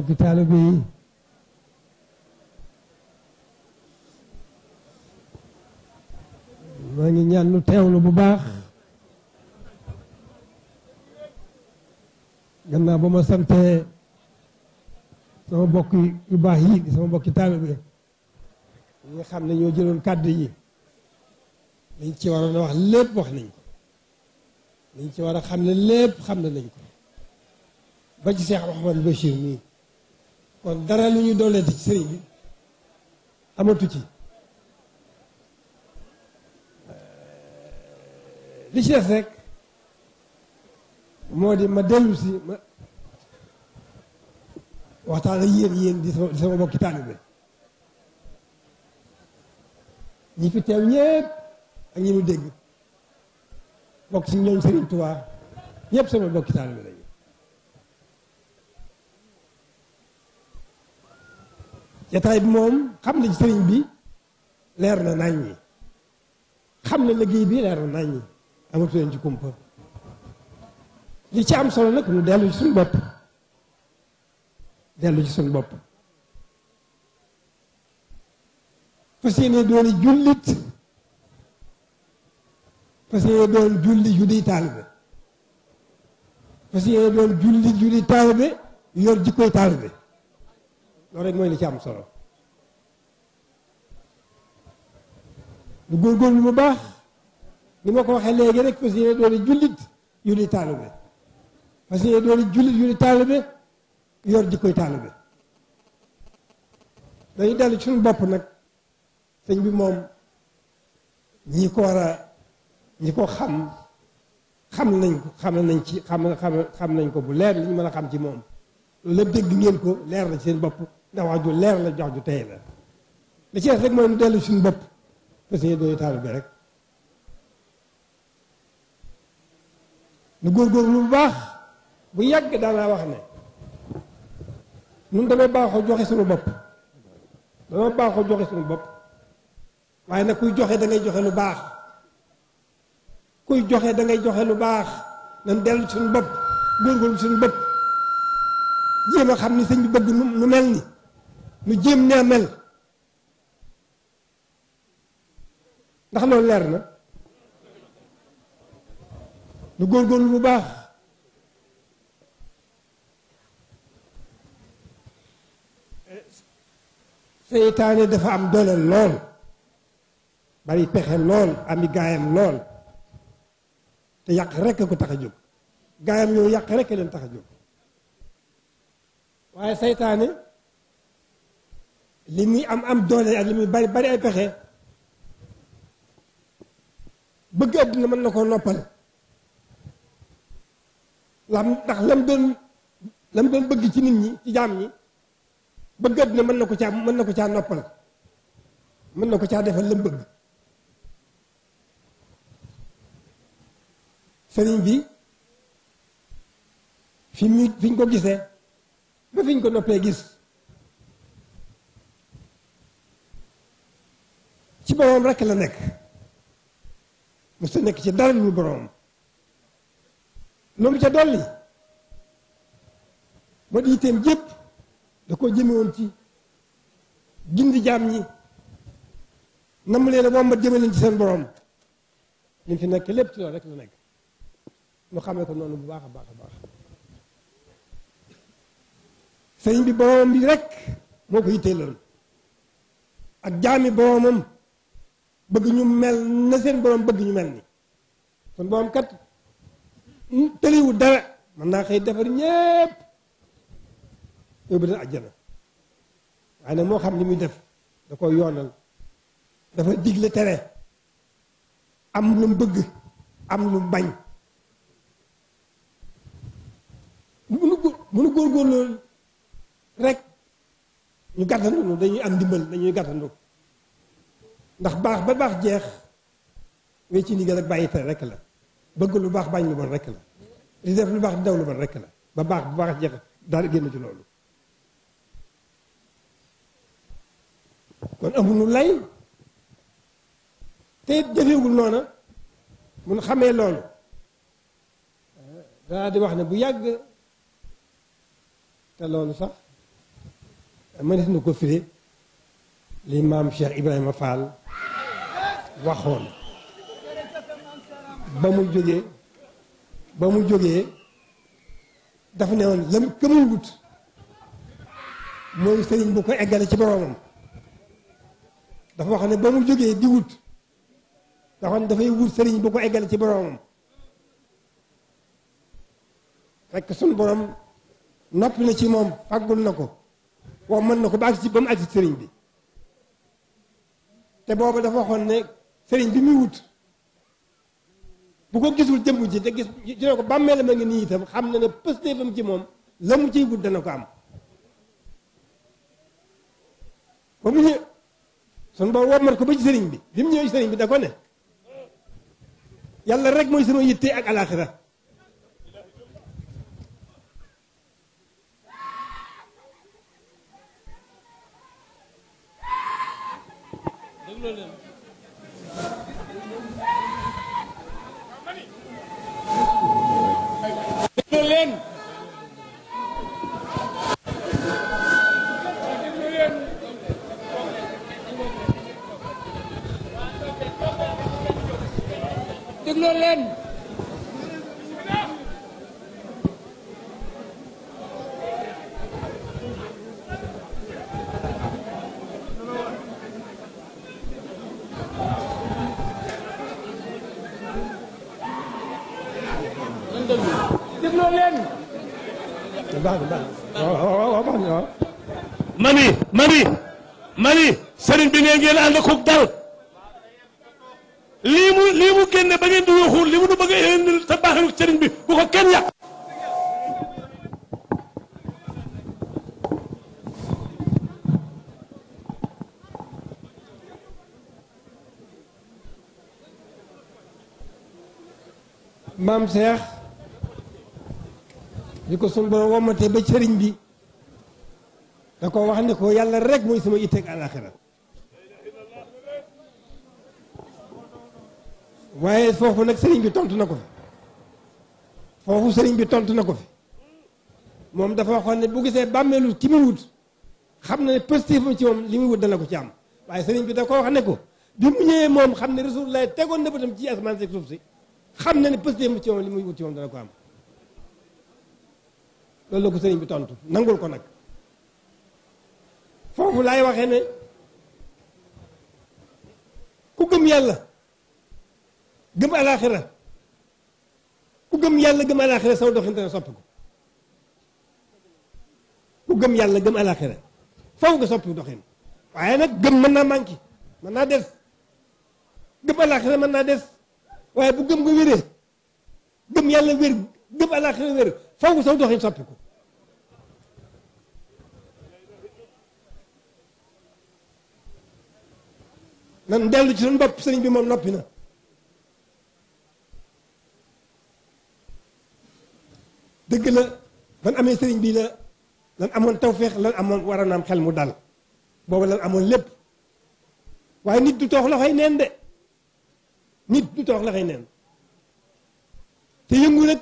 mbokki taalibe yi maa ngi ñaan lu teewlu bu baax gannaaw ba ma sante sama mbokk yu baax yi di sama mbokki taalibe ñi nga xam ne ñoo jëloon kàddu yi liñ ci waroon a wax lépp wax nañ ko liñ ci war a xam ne lépp xam ne nañ ko ba ci Cheikh Mouhamadou Bachir mii kon gara lu ñu dooleeti ci sëriñ bi amatu ci li ci des rek moo di ma dellu si ma waxtaan ak yéen yéen di sama bokki taalibe ñi fi teew ñëpp ak ñi nu dégg bokk si ñoom Serigne Touba ñëpp sama bokki taalibe lañ jataay bi moom xam nañ sëriñ bi leer na nañ ñi xam na liggéey bi leer na nañ ñi amatu leen ci kumpa li ci am solo nag ñu dellu ci suñu bopp dellu ci suñu bopp fas yéene dooni jullit fas yéene doon julli ju di taalibe fas yéene doon jullit ju di taalibe yor jikkoy taalibe loolu rek mooy li ci am solo lu góorgóorlu bu baax ni ma ko waxee léegi rek fas yéene doon jullit yu di taalibe fas yéene yor jikkoy taalibe dañu dellu ci suñu bopp nag sëñ bi moom ñi ko war a ñi ko xam xam nañ ko xam nañ ci xam xam nañ ko bu leer li ñu mën a xam ci moom loolu lépp dégg ngeen ko leer na seen bopp ndax wax ju leer la jox ju tey la li ci rek mooy nu dellu suñu bopp parce que doy bi rek nu góorgóorlu bu baax bu yàgg daanaa wax ne nun damay baaxoo joxe suñu bopp dama baaxoo joxe suñu bopp waaye nag kuy joxe da ngay joxe lu baax kuy joxe dangay joxe lu baax nan dellu suñu bopp góorgóorlu suñu bopp jéem a xam ni sëñ bu bëgg nu mel ni nu jéem nee mel ndax loolu leer na nu góorgóorlu bu baax seytaane dafa am dole lool bari pexe lool ami gaayam lool te yàq rekk ko tax a jóg gaayam yooyu yàq rekk leen tax a jóg waaye seytaane li muy am am doole ak li muy bari bari ay pexe bëgg àdduna mën na koo noppal lam ndax lam doon lam doon bëgg ci nit ñi ci jaam ñi bëgg àdduna mën na ko caa mën na ko caa noppal mën na ko caa defal lam bëgg sëriñ bi fi mu fi ñu ko gisee ba fi ñu ko noppee gis ci boroom rekk la nekk mu ta nekk ci dara lu boroom loolu ca dolli moo di yitteem jépp da koo jëmewoon ci gindi jaam ñi nam leen a wombat jëme leen ci seen boroom li fi nekk lépp ci loolu rekk la nekk ñu xamee ko noonu bu baax a baax a baax sëñ bi boroom bi rekk moo ko yittee loolu ak jaami boroomam bëgg ñu mel na seen borom bëgg ñu mel ni kon borom kat tëliwu dara mën naa xëy defar ñépp yóbbu leen àjjana waaye nag moo xam ni muy def da koy yoonal dafa digle tere am lu mu bëgg am lu mu bañ munu góor munu góorgóorlu rek ñu gàttandu dañuy am ndimbal dañuy gàttandu ndax baax ba baax jeex wéy ci ndigal ak bàyyi tere rek la bëgg lu baax bañ lu bon rek la li lu baax di daw lu bon rek la ba baax ba baax jeex daal génn ci loolu kon amuñu lay te jëfewul noona mun xamee loolu danaa di wax ne bu yàgg te loolu sax mënees na ko firee li maam Cheikh Ibrahima Fall waxoon ba mu jógee ba mu jógee dafa ne woon lam ka muy wut mooy sëriñ bu ko eggale ci boromam dafa wax ne ba mu jógee di wut dafa ne dafay wut sëriñ bu ko eggale ci boromam fekk sun borom noppi na ci moom fàggul na ko wax mën na ko ba agsi ba mu agsi sëriñ bi te booba dafa waxoon ne sëriñ bi muy wut bu ko gisul jëmm ji te gis dina ko bàmmeelam a ngi nii itam xam na ne pëstéefam ci moom la mu ciy wut dana ko am ba mu ñëw sun boo wommat ko ba ci sëriñ bi bi mu ñëw ci sëriñ bi da ko ne yàlla rek mooy sama yitte ak alaxira déglu leen déglu leen baax na waaw waaw mami mami mami sëriñ bi ne ngeen ànd ko lii mu lii mu génne ba ngeen di waxul li mu nu bëgg a te baaxul sëriñ bi bu ko kenn yàq. maam Cheikh li ko sunu borom womatee ba sëriñ bi da ko wax ne ko yàlla rek mooy sama itteeg àllaaxira waaye foofu nag sëriñ bi tontu na ko fi foofu sëriñ bi tontu na ko fi moom dafa waxoon ne bu gisee bàmmeelu ci muy wut xam na ne positif ci moom li muy wut dana ko ci am waaye sëriñ bi da ko wax ne ko bi mu ñëwee moom xam ne rasulullah tegoon na bëtam ci asamaan si suuf si xam na ne positif ci moom li muy wut ci moom dana ko am loolu la ko sëriñ bi tontu nangul ko nag foofu laay waxee ne ku gëm yàlla gëm alaxira ku gëm yàlla gëm alaxira saw doxin dana ku gëm yàlla gëm nga soppi doxin waaye nag gëm mën naa manqué mën naa des gëm alaxira mën naa des waaye bu gëm nga wéree gëm yàlla wér gëm alaxira wér faw nga saw doxin soppi ko nan dellu ci suñu bopp sëriñ bi moom noppi na dëgg la ban amee sëriñ bi la lan amoon tawféex lan amoon war a naam xel mu dal booba lan amoon lépp waaye nit du toog loxoy neen de nit du toog loxoy neen te yëngu nag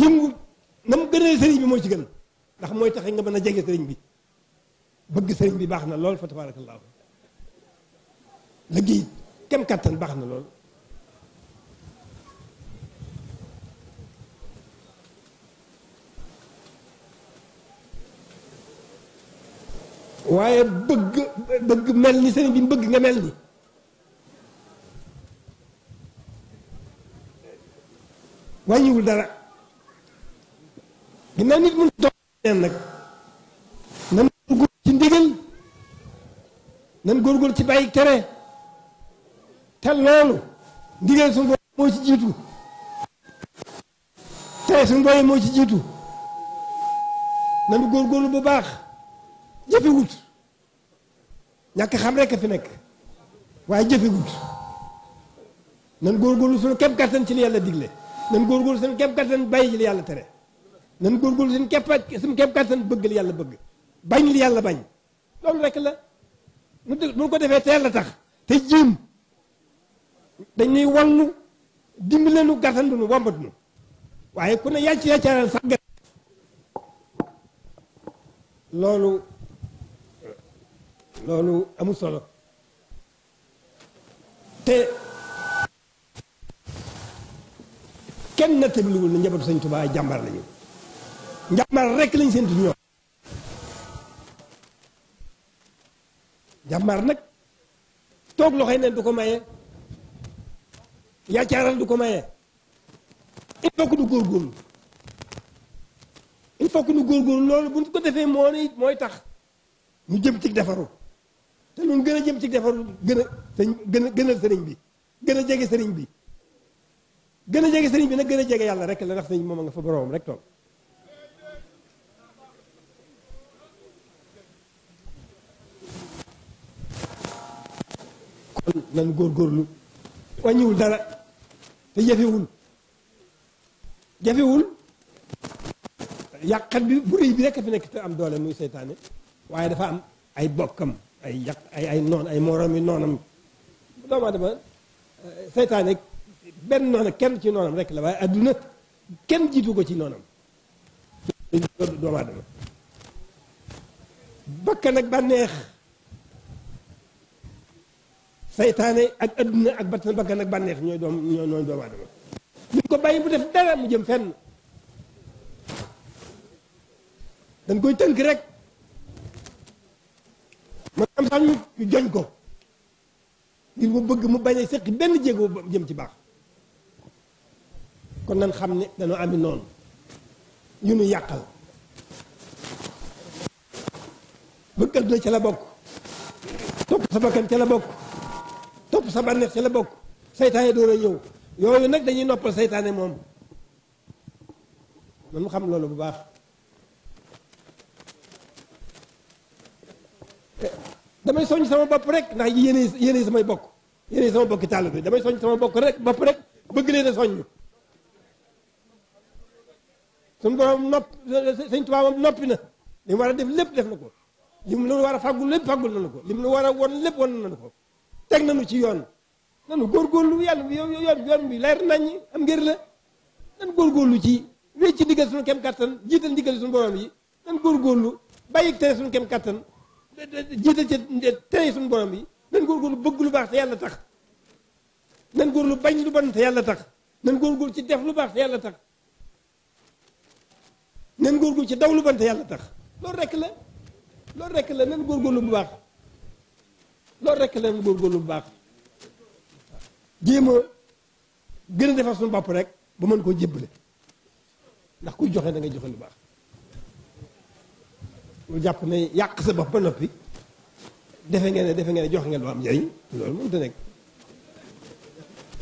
yëngu na mu gënal sëriñ bi mooy ci gën ndax mooy tax nga mën a jege sëriñ bi bëgg sëriñ bi baax na lool fa la liggéey kem kàttan baax na lool waaye bëgg bëgg mel ni sëriñ bi bëgg nga mel ni wàññiwul dara ginnaaw nit mun dox neen nag nan góorgóor ci ndigal nan góorgóor ci bàyyi tere te loolu ndigal suñu borom moo ci jiitu tere suñu borom moo ci jiitu nanu góorgóorlu bu baax jëfe wut ñàkk xam rekk fi nekk waaye jëfe wut nan góorgóorlu suñu képp kattan ci li yàlla digle nan góorgóorlu suñu képp kattan bàyyi ci li yàlla tere nan góorgóorlu suñu képp suñu képp kattan bëgg li yàlla bëgg bañ li yàlla bañ loolu rekk la nu ko defee teel la tax te jiim dañuy wallu dimbale nu gàttandu nu wombat waaye ku ne yàcc yàccaaral sax loolu loolu amul solo te kenn na tabliwul na njabootu sëñ Tuubaa jàmbar lañu njàmbar rekk lañ seentu ñoom jàmbar nag toog loxoy neen du ko maye yaacaaral du ko maye il faut que nu góorgóorlu il faut que nu góorgóorlu loolu buñ ko defee moo ni mooy tax ñu jëm ci defaru te loolu gën a jëm ci defaru gën a sëñ gën a gënal sëriñ bi gën a jege sëriñ bi gën a jege sëriñ bi nag gën a jege yàlla rek la ndax sëriñ moom a nga fa boroom rek toog kon nan góorlu wàññiwul dara te jafewul jafewul yàqat bi bu bi rek fi nekk te am doole muy seytaane waaye dafa am ay bokkam ay yàq ay ay noon ay moroom yi noonam doomu seytaane benn noona kenn ci noonam rek la waaye adduna kenn jiitu ko ci noonam doomu aadama bakkan ak bànneex seytaane ak adduna ak battan bakkan ak bànneex ñooy doom ñooy noonu doomu aadama duñ ko bàyyi bu def dara mu jëm fenn dañ koy tënk rek maanaam sax ñu ñu joñ ko ngir mu bëgg mu bañ a seq benn jéego jëm ci baax kon nan xam ne dañoo ami noonu ñu nu yàqal bëgg adduna ci la bokk topp sa bakkan ci la bokk topp sa bànneex ca la bokk seytaane door a ñëw yooyu nag dañuy noppal seytaane moom man xam loolu bu baax damay soññ sama bopp rek ndax yéenay yéenay samay bokk yéenay sama bokki taalibe bi sama bokk rek bopp rek bëgg leen a soññ suñu borom nopp noppi na li mu a def lépp def na ko li mu war a fàggul lépp fàggul nañu ko li mu war a won lépp won nañu ko na nañu ci yoon nanu góorgóorlu yàlla yoon yoon bi leer nañ am ngër la nan góorgóorlu ci wécc ci ndigal suñu kem kattan jiital ndigal suñu borom yi nan góorgóorlu bàyyi tere suñu kem kattan jiital ca tey suñu borom bi nan góorgóorlu bëgg lu baax te yàlla tax nan góorlu bañ lu bon te yàlla tax nan góorgóorlu ci def lu baax te yàlla tax nan góorgóorlu ci daw lu bon te yàlla tax loolu rekk la loolu rekk la nan góorgóorlu bu baax loolu rekk la nan góorgóorlu bu baax jéem a gën a defar suñu bopp rek ba mën koo jébbale ndax ku joxe da ngay joxe lu baax lu jàpp ne yàq sa bopp ba noppi defe ngeen ne defe ngeen jox ngeen lu am njëriñ loolu mënut a nekk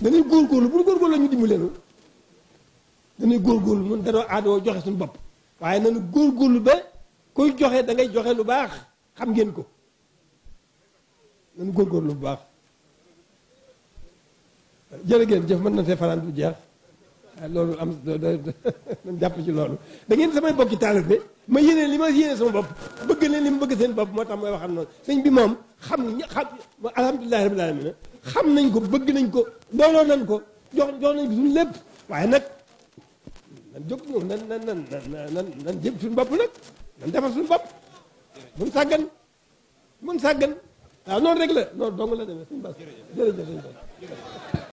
dañuy góorgóorlu bu ñu góorgóorlu ñu dimbali leen dañuy góorgóorlu mun danoo aadoo joxe suñu bopp waaye nañu góorgóorlu ba kuy joxe da ngay joxe lu baax xam ngeen ko nañu góorgóorlu bu baax jërë ngeen jëf mën na fee fanaan du jeex loolu am na jàpp ci loolu da ngeen samay bokki taalibe ma yéene li ma yéene sama bopp bëgg leen li ma bëgg seen bopp moo tax mooy waxam noonu sëñ bi moom xam xam alhamdulilahi rabbil alamin xam nañ ko bëgg nañ ko dooloo nañ ko jox jox lépp waaye nag nan jóg ñëw nan nan nan nan nan jëm suñu bopp nag nan defar suñu bopp mun sàggan mun sàggan rek la noonu la demee suñu bas bas